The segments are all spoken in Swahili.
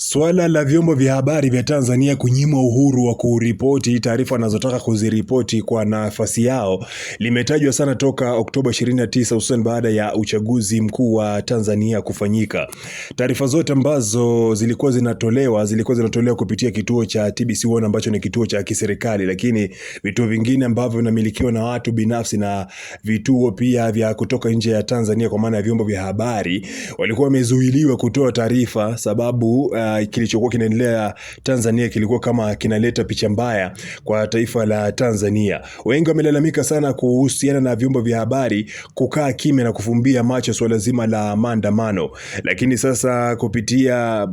Swala la vyombo vya habari vya Tanzania kunyimwa uhuru wa kuripoti taarifa wanazotaka kuziripoti kwa nafasi yao limetajwa sana toka Oktoba 29 hususan baada ya uchaguzi mkuu wa Tanzania kufanyika. Taarifa zote ambazo zilikuwa zinatolewa zilikuwa zinatolewa kupitia kituo cha TBC One ambacho ni kituo cha kiserikali, lakini vituo vingine ambavyo vinamilikiwa na watu binafsi na vituo pia vya kutoka nje ya Tanzania kwa maana ya vyombo vya habari walikuwa wamezuiliwa kutoa taarifa sababu uh, kilichokuwa kinaendelea Tanzania kilikuwa kama kinaleta picha mbaya kwa taifa la Tanzania. Wengi wamelalamika sana kuhusiana na vyombo vya habari kukaa kimya na kufumbia macho suala zima la maandamano, lakini sasa kupitia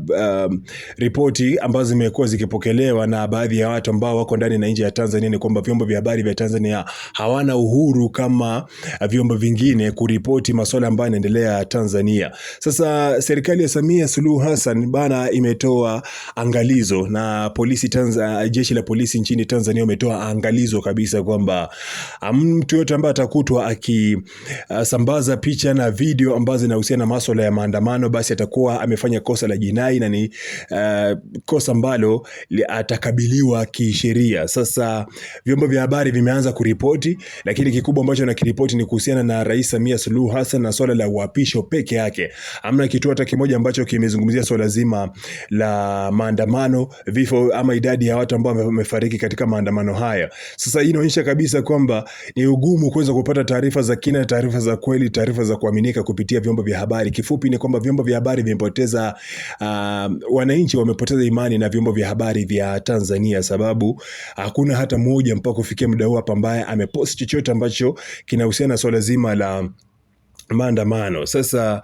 um, ripoti ambazo zimekuwa zikipokelewa na baadhi ya watu ambao wako ndani na nje ya Tanzania ni kwamba vyombo vya habari vya Tanzania hawana uhuru kama vyombo vingine kuripoti masuala ambayo yanaendelea Tanzania. Sasa serikali ya Samia Suluhu Hassan bana imetoa angalizo na polisi Tanz, uh, jeshi la polisi nchini Tanzania umetoa angalizo kabisa kwamba um, mtu yote ambaye atakutwa akisambaza uh, picha na video ambazo zinahusiana na masuala ya maandamano, basi atakuwa amefanya kosa la jinai na ni uh, kosa ambalo atakabiliwa kisheria. Sasa vyombo vya habari vimeanza kuripoti, lakini kikubwa ambacho nakiripoti ni kuhusiana na Rais Samia Suluhu Hassan na swala la uapisho peke yake. Amna kituo hata kimoja ambacho kimezungumzia swala zima uh, la maandamano, vifo ama idadi ya watu ambao wamefariki katika maandamano haya. Sasa hii inaonyesha kabisa kwamba ni ugumu kuweza kupata taarifa za kina, taarifa za kweli, taarifa za kuaminika kupitia vyombo vya habari. Kifupi ni kwamba vyombo vya habari vimepoteza, uh, wananchi wamepoteza imani na vyombo vya habari vya Tanzania, sababu hakuna hata mmoja mpaka kufikia muda huu hapa ambaye amepost chochote ambacho kinahusiana na swala zima la maandamano. Sasa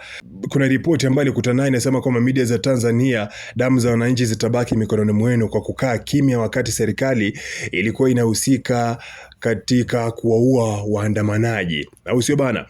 kuna ripoti ambayo ilikuta naye inasema kwamba media za Tanzania, damu za wananchi zitabaki mikononi mwenu kwa kukaa kimya wakati serikali ilikuwa inahusika katika kuwaua waandamanaji, au sio bana?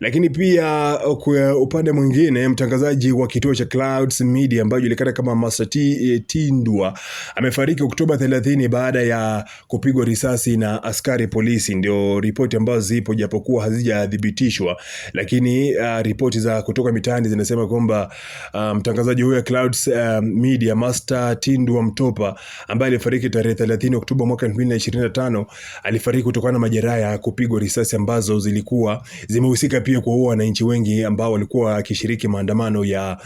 Lakini pia uh, kwa uh, upande mwingine, mtangazaji wa kituo cha Clouds Media ambayo julikana kama Master T eh, Tindwa amefariki Oktoba 30 baada ya kupigwa risasi na askari polisi. Ndio ripoti ambazo zipo, japokuwa hazijathibitishwa, lakini uh, ripoti za kutoka mitaani zinasema kwamba uh, mtangazaji huyo Clouds uh, Media Master Tindwa Mtopa ambaye alifariki tarehe 30 Oktoba mwaka 2025 alifariki alifariki kutokana na majeraha ya kupigwa risasi ambazo zilikuwa zimehusika pia kuwaua wananchi wengi ambao walikuwa wakishiriki maandamano ya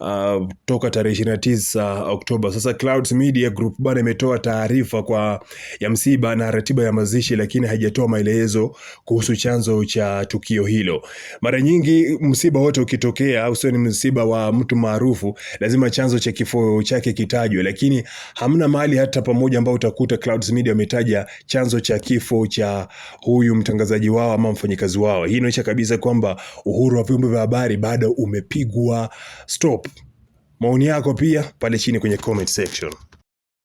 uh, toka tarehe 29 Oktoba. Sasa Clouds Media Group bado imetoa taarifa kwa ya msiba na ratiba ya mazishi, lakini haijatoa maelezo kuhusu chanzo cha tukio hilo. Mara nyingi msiba wote ukitokea, au ni msiba wa mtu maarufu, lazima chanzo cha kifo chake kitajwe, lakini hamna mahali hata pamoja ambao utakuta Clouds Media umetaja chanzo cha kifo kifo cha huyu mtangazaji wao ama mfanyikazi wao. Hii inaonyesha kabisa kwamba uhuru wa vyombo vya habari bado umepigwa stop. Maoni yako pia pale chini kwenye comment section.